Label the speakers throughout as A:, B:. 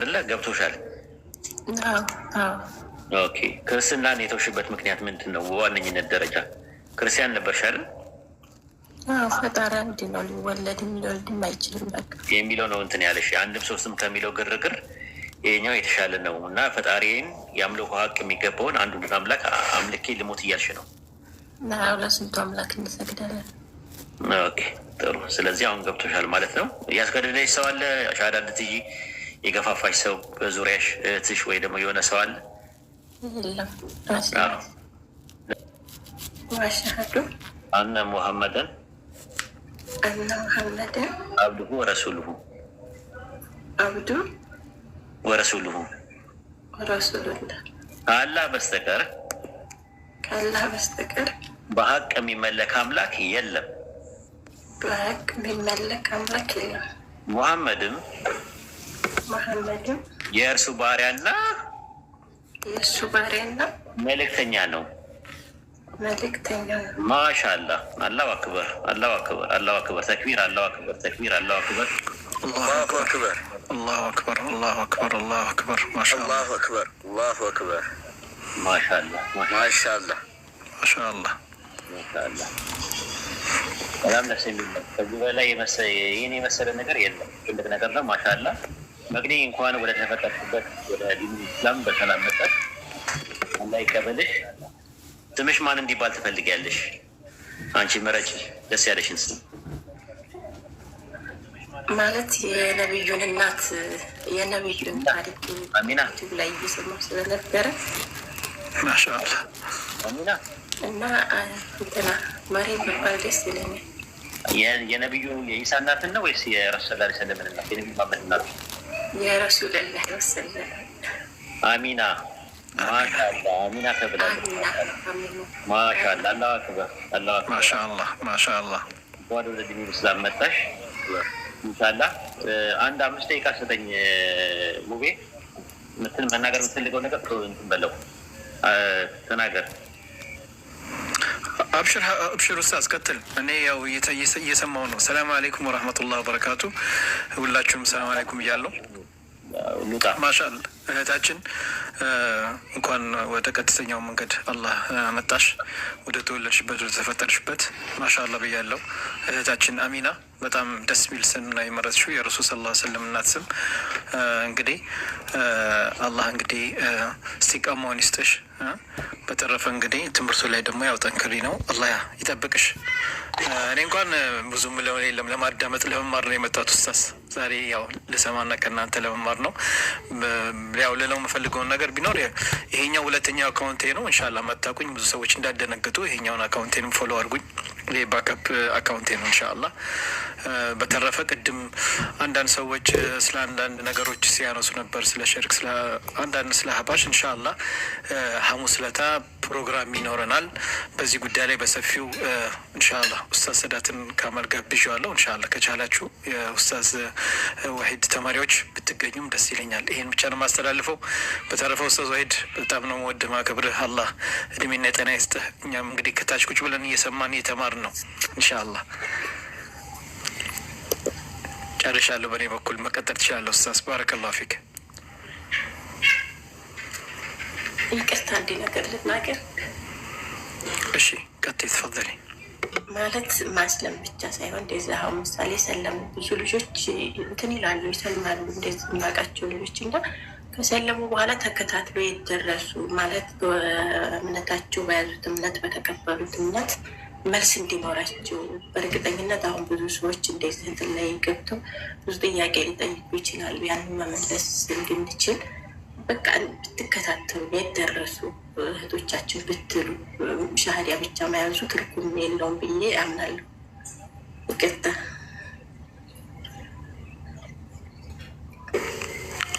A: ብላ ገብቶሻል። ኦኬ ክርስትናን የተውሽበት ምክንያት ምንድን ነው? በዋነኝነት ደረጃ ክርስቲያን ነበርሻል።
B: ፈጣሪ አንድ ነው፣ ሊወለድም ሊወልድም አይችልም
A: የሚለው ነው እንትን ያለሽ አንድም ሶስትም ከሚለው ግርግር ይሄኛው የተሻለ ነው እና ፈጣሪን የአምልኮ ሀቅ የሚገባውን አንዱ አምላክ አምልኬ ልሞት እያልሽ ነው።
B: ለስንቱ አምላክ እንሰግዳለን።
A: ኦኬ ጥሩ። ስለዚህ አሁን ገብቶሻል ማለት ነው። እያስገደደች ሰው አለ ሻዳ እንድትይ የገፋፋሽ ሰው በዙሪያሽ እህትሽ ወይ ደግሞ የሆነ ሰው አለ? አነ ሙሐመደን
B: አነ ሙሐመደን
A: አብዱሁ ወረሱሉሁ አብዱ ወረሱሉሁ
B: ወረሱሉላ
A: ከአላህ በስተቀር
B: ከአላህ በስተቀር
A: በሀቅ የሚመለክ አምላክ የለም።
B: በሀቅ የሚመለክ አምላክ የለም።
A: ሙሐመድም
B: መሐመድም
A: የእርሱ ባሪያና
B: የእሱ ባሪያና
A: መልእክተኛ ነው
B: መልእክተኛ ነው።
A: ማሻአላ አላሁ አክበር አላሁ አክበር አላሁ አክበር ተክቢር አላሁ አክበር ተክቢር አላሁ አክበር
C: አላሁ አክበር
D: አላሁ አክበር አላሁ አክበር አላሁ አክበር አላሁ
C: አክበር አላሁ አክበር ማሻአላ ማሻአላ
D: ማሻአላ
A: ማሻአላ በጣም ደስ የሚል ነው። ከዚህ በላይ የኔ የመሰለ ነገር የለም። ትልቅ ነገር ነው። ማሻአላ መቅኔ እንኳን ወደ ተፈጠርኩበት ወደ ዲኑ ኢስላም በሰላም መጠት አላህ ይቀበልሽ። ስምሽ ማን እንዲባል ትፈልጊያለሽ? አንቺ መረጭ ደስ ያለሽን ስም።
B: ማለት የነቢዩን እናት የነቢዩን ታሪክ አሚና ላይ እየሰማሁ ስለነበረ
D: ማሻአላ
A: አሚና
B: እና እንትና ማርያም መባል ደስ ይለኛል።
A: የነቢዩ የኢሳ እናትን ነው ወይስ የረሱ ላ ሰለምን እናት የነቢዩ ማመት እናት
B: የረሱልላህ ወሰለም
A: አሚና አንድ
D: አብሽር ውስጥ አስከትል። እኔ ያው እየሰማው ነው። ሰላም አለይኩም ወረህመቱላህ ወበረካቱ። ሁላችሁም ሰላም አለይኩም እያለው ሉጣ ማሻል እህታችን እንኳን ወደ ቀጥተኛው መንገድ አላህ አመጣሽ፣ ወደ ተወለድሽበት ወደ ተፈጠርሽበት። ማሻላ ብያለው እህታችን አሚና። በጣም ደስ የሚል ስም ነው የመረጥሽው፣ የረሱል ስ ላ ስለም እናት ስም። እንግዲህ አላህ እንግዲህ ስቲቃማውን ይስጥሽ። በተረፈ እንግዲህ ትምህርቱ ላይ ደግሞ ያው ጠንክሪ ነው፣ አላህ ይጠብቅሽ። እኔ እንኳን ብዙም የለም ለማዳመጥ ለመማር ነው የመጣት ውስታስ ዛሬ ያው ልሰማና ከእናንተ ለመማር ነው። ያው ልለው የምፈልገውን ነገር ቢኖር ይሄኛው ሁለተኛው አካውንቴ ነው። እንሻላ መታቁኝ ብዙ ሰዎች እንዳደነግጡ ይሄኛውን አካውንቴንም ፎሎ አድርጉኝ። ይሄ ባክፕ አካውንቴ ነው። እንሻላ በተረፈ ቅድም አንዳንድ ሰዎች ስለ አንዳንድ ነገሮች ሲያነሱ ነበር፣ ስለ ሸርክ፣ ስለ አንዳንድ ስለ ሀባሽ እንሻላ ሀሙስ ለታ ፕሮግራም ይኖረናል። በዚህ ጉዳይ ላይ በሰፊው እንሻላ ኡስታዝ ሰዳትን ካማል ጋብዣዋለሁ። እንሻላ ከቻላችሁ የኡስታዝ ዋሂድ ተማሪዎች ብትገኙም ደስ ይለኛል። ይህን ብቻ ነው ማስተላልፈው። በተረፈ ኡስታዝ ዋሂድ በጣም ነው ወድ ማክብር። አላህ እድሜና የጤና ይስጥህ። እኛም እንግዲህ ከታች ቁጭ ብለን እየሰማን እየተማርን ነው እንሻላ ጨርሻለሁ። በእኔ በኩል መቀጠል ትችላለሁ። ኡስታዝ ባረከላሁ ፊክ
B: ይቅርታ አንድ ነገር ልናገር።
D: እሺ፣ ቀጥይ ተፈዘሪ
B: ማለት ማስለም ብቻ ሳይሆን እንደዚ አሁን ምሳሌ ሰለም ብዙ ልጆች እንትን ይላሉ ይሰልማሉ፣ እንደዚህ የሚያውቃቸው ልጆች እና ከሰለሙ በኋላ ተከታትሎ የደረሱ ማለት በእምነታቸው በያዙት እምነት በተቀበሉት እምነት መልስ እንዲኖራቸው በእርግጠኝነት አሁን ብዙ ሰዎች እንደዚህ እንትን ላይ ገብተው ብዙ ጥያቄ ሊጠይቁ ይችላሉ። ያንን መመለስ እንድንችል በቃ ብትከታተሉ የት እህቶቻችን ብትሉ ሻህዲያ ብቻ መያዙ ትርጉም የለውም ብዬ አምናለሁ። ይቀጣ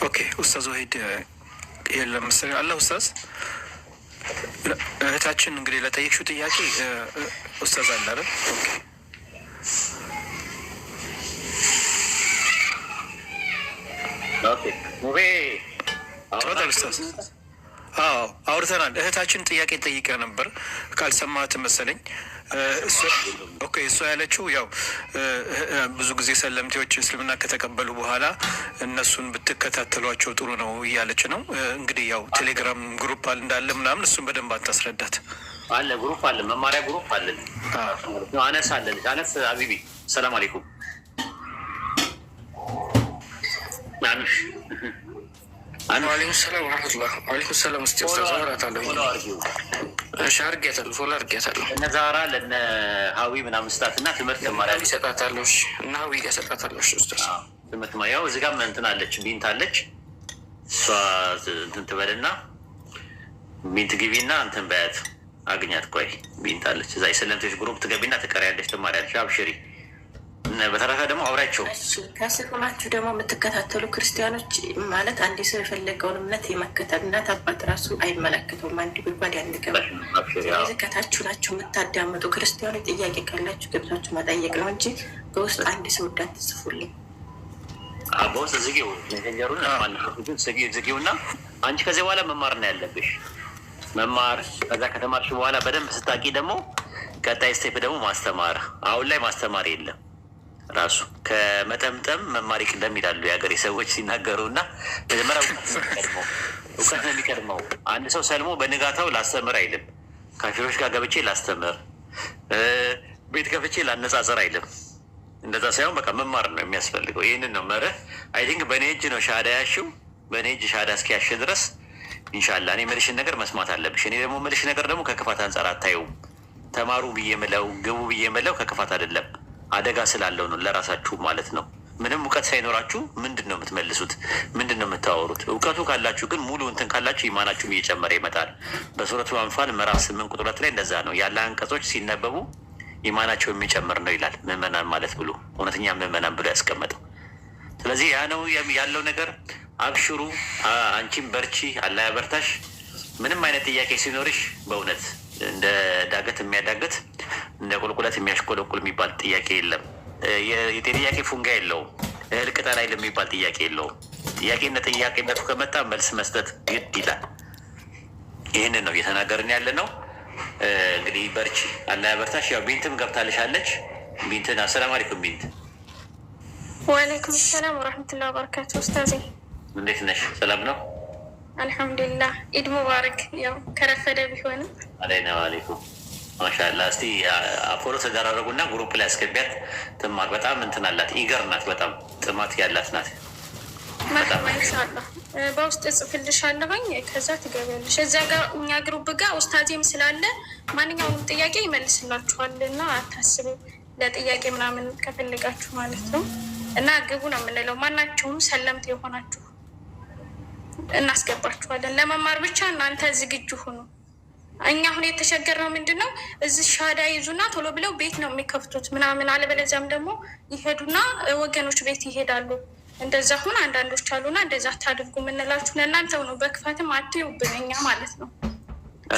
D: ኦኬ ኡስታዝ ወሂድ የለም መሰለኝ አለ ኡስታዝ እህታችን እንግዲህ ለጠየቅሽው ጥያቄ ኡስታዝ አለ አይደል?
A: ኦኬ ሙቤ
D: አዎ አውርተናል። እህታችን ጥያቄ ጠይቀ ነበር ካልሰማት መሰለኝ። ኦኬ እሷ ያለችው ያው ብዙ ጊዜ ሰለምቴዎች እስልምና ከተቀበሉ በኋላ እነሱን ብትከታተሏቸው ጥሩ ነው እያለች ነው። እንግዲህ ያው ቴሌግራም ግሩፕ አለ እንዳለ ምናምን እሱን በደንብ አታስረዳት
A: አለ። ግሩፕ አለ፣ መማሪያ ግሩፕ አለ። አነስ አነስ አቢቢ ሰላም አለይኩም
D: አለይኩም ሰላም ረመቱላ አለይኩም ሰላም ስ ፎሎ
A: እነ ዛራ ለነ ሀዊ ምናምን እና ትምህርት ሀዊ ጋር ትምህርት ያው እዚህ ጋር እንትን አለች ቢንት አለች እሷ እንትን ትበልና ቢንት ግቢና እንትን በያት አግኛት። ቆይ ቢንት አለች እዛ የሰለምቶች ግሩፕ ትገቢና ትቀሪያለሽ ትማሪያለሽ አብሽሪ በተረፈ ደግሞ አብራቸው
B: ከስቅማችሁ ደግሞ የምትከታተሉ ክርስቲያኖች ማለት አንድ ሰው የፈለገውን እምነት የመከተል እናት አባት ራሱ አይመለከተውም። አንድ ጉድጓድ አንድ ገበር። ስለዚህ ከታችሁ ናቸው የምታዳምጡ ክርስቲያኖች ጥያቄ ካላችሁ ገብታችሁ መጠየቅ ነው እንጂ በውስጥ አንድ ሰው እንዳትጽፉልኝ።
A: በውስጥ ዝጊው ሜሴንጀሩን ዝጊውና አንቺ ከዚህ በኋላ መማር ነው ያለብሽ መማር ከዛ ከተማርሽ በኋላ በደንብ ስታቂ ደግሞ ቀጣይ ስቴፕ ደግሞ ማስተማር። አሁን ላይ ማስተማር የለም። ራሱ ከመጠምጠም መማሪቅ እንደሚላሉ የሀገሬ ሰዎች ሲናገሩ እና መጀመሪያ እውቀት ነው የሚቀድመው። አንድ ሰው ሰልሞ በንጋታው ላስተምር አይልም። ካፊሮች ጋር ገብቼ ላስተምር፣ ቤት ከፍቼ ላነጻጽር አይልም። እንደዛ ሳይሆን በቃ መማር ነው የሚያስፈልገው። ይህንን ነው መርህ። አይ ቲንክ በእኔ እጅ ነው ሻዳ ያሽው። በእኔ እጅ ሻዳ እስኪያሽ ድረስ እንሻላ እኔ መልሽን ነገር መስማት አለብሽ። እኔ ደግሞ መልሽ ነገር ደግሞ ከክፋት አንጻር አታየውም። ተማሩ ብዬ ምለው ግቡ ብዬ ምለው ከክፋት አይደለም። አደጋ ስላለው ነው። ለራሳችሁ ማለት ነው። ምንም እውቀት ሳይኖራችሁ ምንድን ነው የምትመልሱት? ምንድን ነው የምታወሩት? እውቀቱ ካላችሁ ግን ሙሉ እንትን ካላችሁ ኢማናችሁም እየጨመረ ይመጣል። በሱረቱ አንፋል ምዕራፍ ስምንት ቁጥር ሁለት ላይ እንደዛ ነው ያለ አንቀጾች ሲነበቡ ኢማናቸው የሚጨምር ነው ይላል። ምዕመናን ማለት ብሎ እውነተኛ ምዕመናን ብሎ ያስቀመጠው። ስለዚህ ያ ነው ያለው ነገር። አብሽሩ፣ አንቺም በርቺ፣ አላህ ያበርታሽ። ምንም አይነት ጥያቄ ሲኖርሽ በእውነት እንደ ዳገት የሚያዳገት እንደ ቁልቁለት የሚያሽቆለቁል የሚባል ጥያቄ የለም። የጥያቄ ፉንጋ የለውም። እህል ቅጠል አይልም የሚባል ጥያቄ የለውም። ጥያቄነት ጥያቄነቱ ከመጣ መልስ መስጠት ግድ ይላል። ይህንን ነው እየተናገርን ያለ ነው። እንግዲህ በርቺ፣ አላህ ያበርታሽ። ያው ቢንትም ገብታልሻለች። ቢንትን አሰላም አለይኩም ቢንት።
E: ወአለይኩም ሰላም ወረህመቱላህ ወበረካቱ። ኡስታዜ
A: እንዴት ነሽ? ሰላም ነው?
E: አልሐምዱሊላህ። ኢድ ሙባረክ። ያው ከረፈደ ቢሆንም
A: አለይና አለይኩም ማሻላ እስቲ አፖሎ ተደራረጉና ግሩፕ ላይ አስገቢያት። ትማር። በጣም እንትን አላት፣ ኢገር ናት፣ በጣም ጥማት ያላት ናት።
E: በውስጥ እጽፍልሻለሁኝ ከዛ ትገቢያለሽ። እዚያ ጋር እኛ ግሩፕ ጋር ውስታዜም ስላለ ማንኛውም ጥያቄ ይመልስላችኋል እና አታስቡ፣ ለጥያቄ ምናምን ከፈለጋችሁ ማለት ነው። እና ግቡ ነው የምንለው። ማናችሁም ሰለምት የሆናችሁ እናስገባችኋለን። ለመማር ብቻ እናንተ ዝግጁ ሁኑ። እኛ አሁን የተቸገርነው ምንድን ነው? እዚህ ሻዳ ይዙና ቶሎ ብለው ቤት ነው የሚከፍቱት ምናምን፣ አለበለዚያም ደግሞ ይሄዱና ወገኖች ቤት ይሄዳሉ። እንደዛ ሁን አንዳንዶች አሉና እንደዛ ታድርጉ የምንላችሁ ለእናንተው ነው። በክፋትም አትዩብን እኛ ማለት ነው።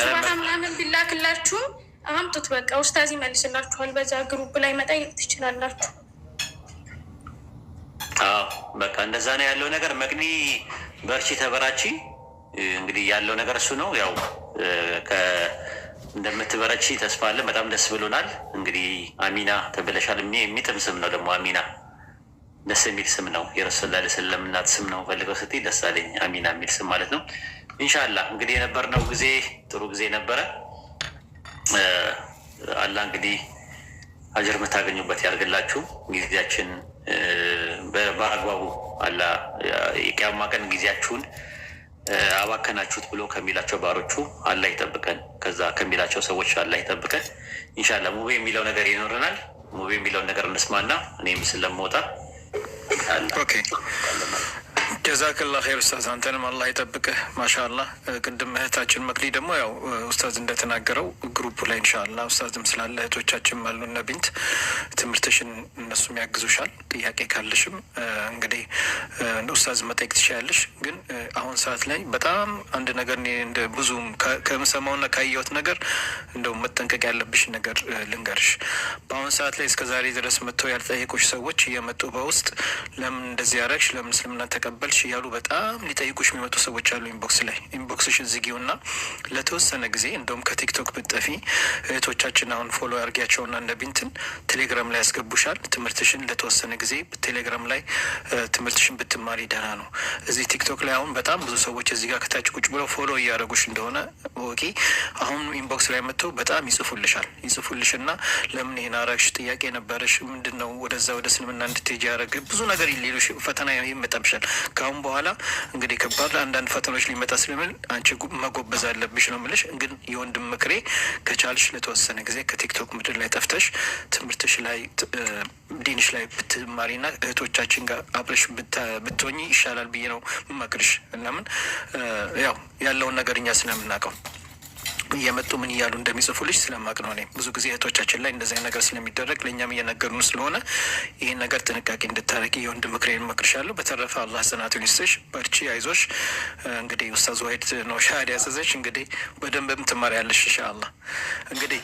E: ስራታ ምናምን ቢላክላችሁም አምጡት በቃ ውስታዝ ይመልስላችኋል። በዛ ግሩፕ ላይ መጠየቅ ትችላላችሁ።
A: አዎ በቃ እንደዛ ነው ያለው ነገር። መቅኒ በርቺ፣ ተበራቺ እንግዲህ ያለው ነገር እሱ ነው። ያው እንደምትበረቺ ተስፋ አለን። በጣም ደስ ብሎናል። እንግዲህ አሚና ተብለሻል። የሚጥም ስም ነው ደግሞ አሚና ደስ የሚል ስም ነው። የረሱላ ስለም እናት ስም ነው ፈልገው ስት ደስ አለኝ። አሚና የሚል ስም ማለት ነው። እንሻላ እንግዲህ የነበርነው ጊዜ ጥሩ ጊዜ ነበረ። አላ እንግዲህ አጀር የምታገኙበት ያርግላችሁ። ጊዜያችን በአግባቡ አላ የቅያማ ቀን ጊዜያችሁን አባከናችሁት ብሎ ከሚላቸው ባሮቹ አላህ ይጠብቀን። ከዛ ከሚላቸው ሰዎች አላህ ይጠብቀን። እንሻላ ሙቤ የሚለው ነገር ይኖረናል። ሙቤ የሚለውን ነገር እንስማና እኔ ምስል ለመውጣ
D: ጀዛክላ ኸይር ኡስታዝ፣ አንተንም አላህ ይጠብቅህ። ማሻላ ቅድም እህታችን መቅዲ ደግሞ ያው ኡስታዝ እንደተናገረው ግሩፕ ላይ እንሻላ ኡስታዝም ስላለ እህቶቻችን አሉ እነ ቢንት ትምህርትሽን እነሱም ያግዙሻል። ጥያቄ ካለሽም እንግዲህ ኡስታዝ መጠየቅ ትችያለሽ። ግን አሁን ሰዓት ላይ በጣም አንድ ነገር እንደ ብዙም ከምሰማውና ካየሁት ነገር እንደው መጠንቀቅ ያለብሽ ነገር ልንገርሽ። በአሁን ሰዓት ላይ እስከዛሬ ድረስ መጥተው ያልጠየቁሽ ሰዎች እየመጡ በውስጥ ለምን እንደዚህ ያረግሽ፣ ለምን እስልምና ተቀበል ትችያለሽ እያሉ በጣም ሊጠይቁሽ የሚመጡ ሰዎች አሉ። ኢንቦክስ ላይ ኢንቦክስሽን ዝጊው እና ለተወሰነ ጊዜ እንደውም ከቲክቶክ ብጠፊ እህቶቻችን አሁን ፎሎ አድርጊያቸውና እንደ ቢንትን ቴሌግራም ላይ ያስገቡሻል። ትምህርትሽን ለተወሰነ ጊዜ
B: ቴሌግራም ላይ
A: ትምህርትሽን ብትማሪ ደህና ነው። እዚህ ቲክቶክ ላይ አሁን በጣም ብዙ ሰዎች እዚህ ጋር ከታች ቁጭ ብለው ፎሎ እያደረጉሽ እንደሆነ ወቂ አሁን ኢንቦክስ ላይ መጥተው በጣም ይጽፉልሻል። ይጽፉልሽ ና
D: ለምን ይሄን አረግሽ ጥያቄ ነበረሽ ምንድን ነው ወደዛ ወደ ስልምና እንድትሄጂ ያደረግ ብዙ ነገር ሌሎች ፈተና ይመጣብሻል። ከአሁን በኋላ እንግዲህ ከባድ አንዳንድ ፈተናዎች ሊመጣ ስለሚል አንቺ መጎበዝ አለብሽ ነው ምልሽ። ግን የወንድም ምክሬ ከቻልሽ ለተወሰነ ጊዜ ከቲክቶክ ምድር ላይ ጠፍተሽ ትምህርትሽ ላይ ዲንሽ ላይ ብትማሪና እህቶቻችን ጋር አብረሽ ብትሆኚ ይሻላል ብዬ ነው መክርሽ። እናምን ያው ያለውን ነገር እኛ ስለምናውቀው
A: እየመጡ ምን እያሉ እንደሚጽፉልሽ ስለማቅ ነው። እኔም ብዙ ጊዜ እህቶቻችን ላይ እንደዚህ ነገር ስለሚደረግ ለእኛም እየነገሩን ስለሆነ ይህን ነገር ጥንቃቄ እንድታደርጊ የወንድ ምክሬን መክርሻለሁ። በተረፈ አላህ ጽናቱን ይስጥሽ፣ በርቺ፣ አይዞሽ። እንግዲህ ኡስታዝ ዋሂድ ነው ሻሃድ ያዘዘች። እንግዲህ በደንብም ትማሪያለሽ ኢንሻአላህ። እንግዲህ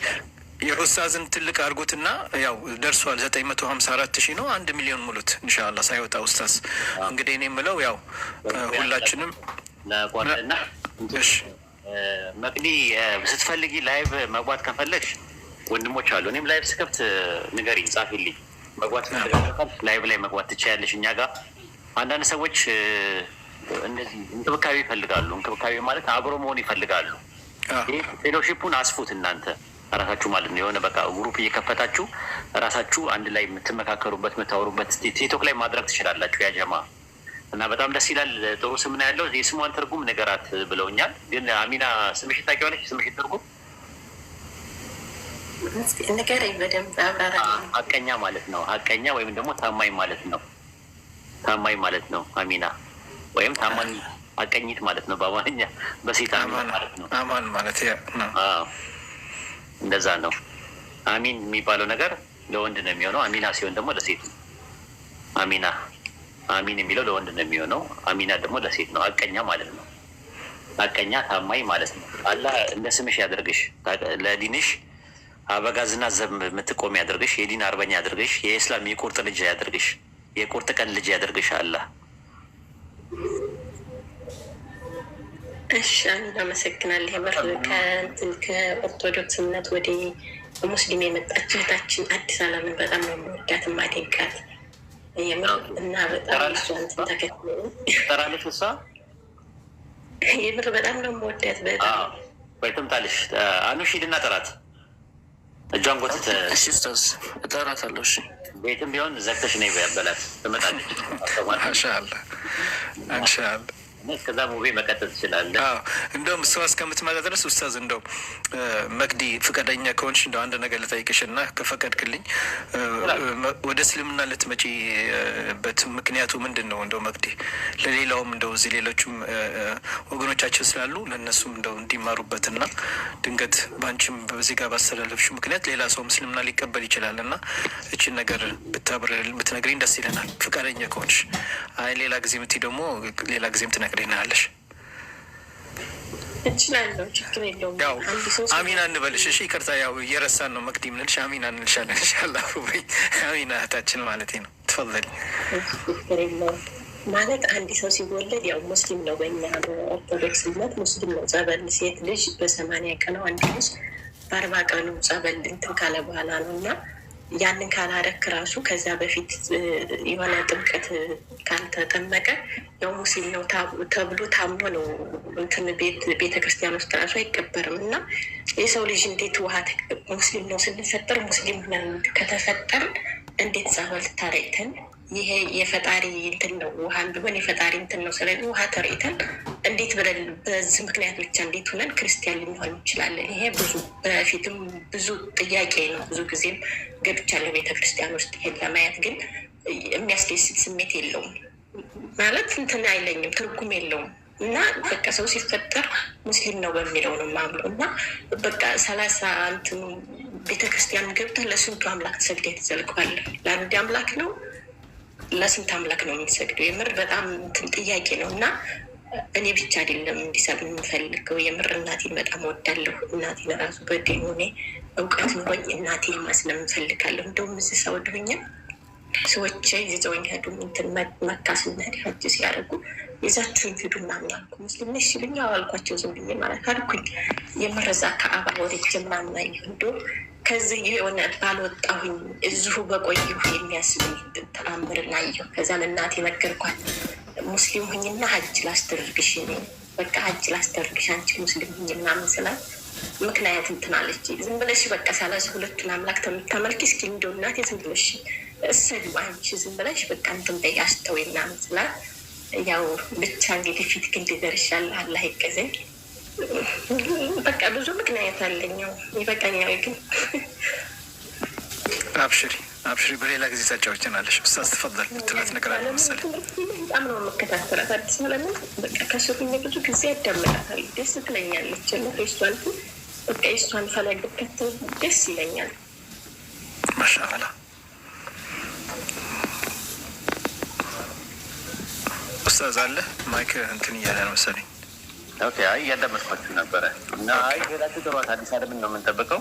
A: የኡስታዝን ትልቅ አድርጉትና ያው ደርሷል። ዘጠኝ መቶ ሀምሳ አራት ሺህ ነው። አንድ ሚሊዮን ሙሉት እንሻላ ሳይወጣ ኡስታዝ። እንግዲህ እኔ የምለው ያው ሁላችንም መቅዲ ስትፈልጊ ላይቭ መግባት ከፈለግሽ ወንድሞች አሉ። እኔም ላይቭ ስከፍት ንገሪ ጻፊልኝ። መግባት ላይቭ ላይ መግባት ትችያለሽ። እኛ ጋር አንዳንድ ሰዎች እነዚህ እንክብካቤ ይፈልጋሉ። እንክብካቤ ማለት አብሮ መሆን ይፈልጋሉ። ፌሎሺፑን አስፉት እናንተ ራሳችሁ ማለት ነው። የሆነ በቃ ግሩፕ እየከፈታችሁ ራሳችሁ አንድ ላይ የምትመካከሩበት የምታወሩበት ቲክቶክ ላይ ማድረግ ትችላላችሁ ያጀማ እና በጣም ደስ ይላል። ጥሩ ስም ነው ያለው። የስሟን ትርጉም ነገራት ብለውኛል። ግን አሚና ስምሽ ታውቂዋለሽ? ስምሽ ትርጉም
B: ንገረኝ በደንብ አብራራ።
A: ሀቀኛ ማለት ነው። ሀቀኛ ወይም ደግሞ ታማኝ ማለት ነው። ታማኝ ማለት ነው። አሚና ወይም ታማኝ አቀኝት ማለት ነው በአማርኛ። በሴት
D: ማለት ነው። አማን ማለት
A: እንደዛ ነው። አሚን የሚባለው ነገር ለወንድ ነው የሚሆነው። አሚና ሲሆን ደግሞ ለሴቱ አሚና አሚን የሚለው ለወንድ ነው የሚሆነው። አሚና ደግሞ ለሴት ነው። አቀኛ ማለት ነው። አቀኛ ታማኝ ማለት ነው። አላህ እንደ ስምሽ ያደርግሽ፣ ለዲንሽ አበጋዝና ዘብ የምትቆም ያደርግሽ፣ የዲን አርበኛ ያደርግሽ፣ የእስላም የቁርጥ ልጅ ያደርግሽ፣ የቁርጥ ቀን ልጅ ያደርግሽ አላህ።
B: እሺ አሚን፣ አመሰግናለሁ። የምር ከእንትን ከኦርቶዶክስ እምነት ወደ ሙስሊም የመጣች እህታችን አዲስ አለምን በጣም ነው የምወዳት ማደንቃት እና በጣም የምር በጣም ነው የምወዳት። በጣም
A: ወይ ትምጣልሽ። አኑሽ ሂድና ጥራት፣ እጇን ጎትት።
D: እጠራታለሁ። እሺ
A: ቤትም ቢሆን ዘግተሽ ነው በላት። ትመጣለች።
D: እንሻላ እንሻላ
A: እስከዛ ሙቪ መቀጠል ትችላለህ።
D: እንደውም እሷ እስከምትመጣ ድረስ ኡስታዝ፣ እንደው መቅዲ ፍቃደኛ ከሆንሽ እንደው አንድ ነገር ልጠይቅሽ እና ከፈቀድክልኝ ወደ እስልምና ልትመጪበት ምክንያቱ ምንድን ነው? እንደው መቅዲ ለሌላውም እንደው እዚህ ሌሎችም ወገኖቻችን ስላሉ ለእነሱም እንደው እንዲማሩበት እና ድንገት በአንቺም በዚህ ጋር ባስተላለፍሽው ምክንያት ሌላ ሰውም እስልምና ሊቀበል ይችላል እና እችን ነገር ብታብር ብትነግሪኝ ደስ ይለናል፣ ፍቃደኛ ከሆንሽ። አይ ሌላ ጊዜ ምት ደግሞ ሌላ ጊዜ ምትነ ትነግሪናለሽ።
B: እችላለሁ፣ ችግር
A: የለውም። አሚና እንበልሽ። እሺ፣ ይቅርታ ያው እየረሳን ነው። መቅዲም ንልሽ አሚና እንልሻለን። ኢንሻላህ ወይ አሚና እህታችን ማለት ነው። ትፈለል
B: ማለት አንድ ሰው ሲወለድ ያው ሙስሊም ነው። በእኛ በኦርቶዶክስ እምነት ሙስሊም ነው። ጸበል ሴት ልጅ በሰማንያ ቀነው አንድ ልጅ በአርባ ቀኑ ጸበል እንትን ካለ በኋላ ነው እና ያንን ካላረክ ራሱ ከዛ በፊት የሆነ ጥምቀት ካልተጠመቀ ያው ሙስሊም ነው ተብሎ ታምኖ ነው እንትን ቤተ ክርስቲያን ውስጥ ራሱ አይቀበርም። እና የሰው ልጅ እንዴት ውሃ ሙስሊም ነው ስንፈጠር ሙስሊም ከተፈጠር እንዴት ጸበል ታረይተን ይሄ የፈጣሪ እንትን ነው። ውሃን ቢሆን የፈጣሪ እንትን ነው። ስለ ውሃ ተርኢተን እንዴት ብለን በዚህ ምክንያት ብቻ እንዴት ሆነን ክርስቲያን ልንሆን እንችላለን? ይሄ ብዙ በፊትም ብዙ ጥያቄ ነው። ብዙ ጊዜም ገብቻለሁ ቤተ ቤተክርስቲያን ውስጥ ይሄን ለማየት ግን የሚያስደስት ስሜት የለውም ማለት እንትን አይለኝም፣ ትርጉም የለውም። እና በቃ ሰው ሲፈጠር ሙስሊም ነው በሚለው ነው ማምለው እና በቃ ሰላሳ እንትኑ ቤተክርስቲያን ገብተን ለስንቱ አምላክ ተሰግደህ ትዘልቀዋለህ? ለአንድ አምላክ ነው ለስንት አምላክ ነው የምንሰግደው? የምር በጣም እንትን ጥያቄ ነው እና እኔ ብቻ አይደለም እንዲሰብ የምፈልገው የምር እናቴን በጣም ወዳለሁ። እናቴን ራሱ በድ ሆኔ እውቀት ሆኝ እናቴ ማስለም እንፈልጋለሁ እንደውም እዚህ ሰው ድሁኝም ሰዎች ይዘውኝ ሄዱ። እንትን መካ ስንሄድ ሀጅ ሲያደርጉ ይዛችሁኝ ሂዱ ምናምን አልኩ። ሙስሊም ነሽ ሲሉኝ አልኳቸው። ዝም ብዬ ማለት አልኩኝ። የመረዛ ከአባ ወደጅ ምናምን አየሁ። እንዲያው ከዚህ የሆነ ባልወጣሁኝ እዚሁ በቆየሁ የሚያስብኝ ተአምር አየሁ። ከዛ ለእናቴ ነገርኳት። ሙስሊም ሁኝና ሀጅ ላስደርግሽ፣ በቃ ሀጅ ላስደርግሽ አንቺ ሙስሊም ሁኝ ምናምን ስላት ምክንያት እንትን አለች። ዝም ብለሽ በቃ ሳላስ ሁለቱን አምላክ ተምታመልክ እስኪ እንደው እናቴ ዝም ብለሽ እሰዱ አንቺ ዝም ብለሽ በቃ እንትን በይ አስተውይ ምናምን ስላት፣ ያው ብቻ እንግዲህ ፊት ግን ይደርሻል አላህ ይቀዘኝ። በቃ ብዙ ምክንያት አለኛው ይበቃኛል። ግን
D: አብሽሪ አብሽሪ፣ በሌላ ጊዜ ታጫወችናለሽ። ብሳ ትፈል ትላት ነገር አለ መሰለኝ።
B: በጣም ነው የምከታተላት አዲስ አበባ በቃ ከሱ ብዙ ጊዜ ያዳምጣታል። ደስ ትለኛለች። ሷን በቃ የሷን ፈለግ ደስ ይለኛል።
D: ማሻአላህ አለ ማይክ እንትን እያለ ነው መሰለኝ።
A: ኦኬ አይ እያዳመጥኳችሁ ነበረ እና አይ ሄዳችሁ ጥሯት። አዲስ አለምን ነው የምንጠብቀው።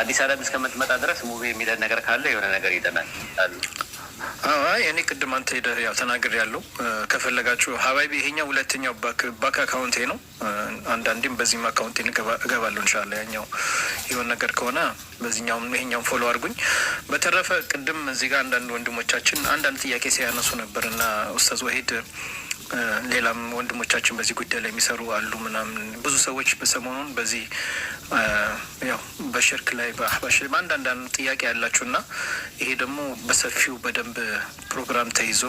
A: አዲስ አለም እስከምትመጣ ድረስ ሙቪ የሚለን ነገር ካለ የሆነ ነገር ይደናል።
D: አይ እኔ ቅድም አንተ ሄደህ ያው ተናግር ያለው ከፈለጋችሁ ሀባይቢ ይሄኛው ሁለተኛው ባክ አካውንቴ ነው። አንዳንዴም በዚህም አካውንቴ እገባለሁ እንሻለ ያኛው የሆን ነገር ከሆነ በዚህኛው ይሄኛውን ፎሎ አድርጉኝ። በተረፈ ቅድም እዚህ ጋር አንዳንድ ወንድሞቻችን አንዳንድ ጥያቄ ሲያነሱ ነበር እና ኡስታዝ ወሂድ ሌላም ወንድሞቻችን በዚህ ጉዳይ ላይ የሚሰሩ አሉ ምናምን ብዙ ሰዎች በሰሞኑን በዚህ ያው በሽርክ ላይ በአህባሽ በአንዳንድ ጥያቄ ያላችሁ እና ይሄ ደግሞ በሰፊው በደንብ ፕሮግራም ተይዞ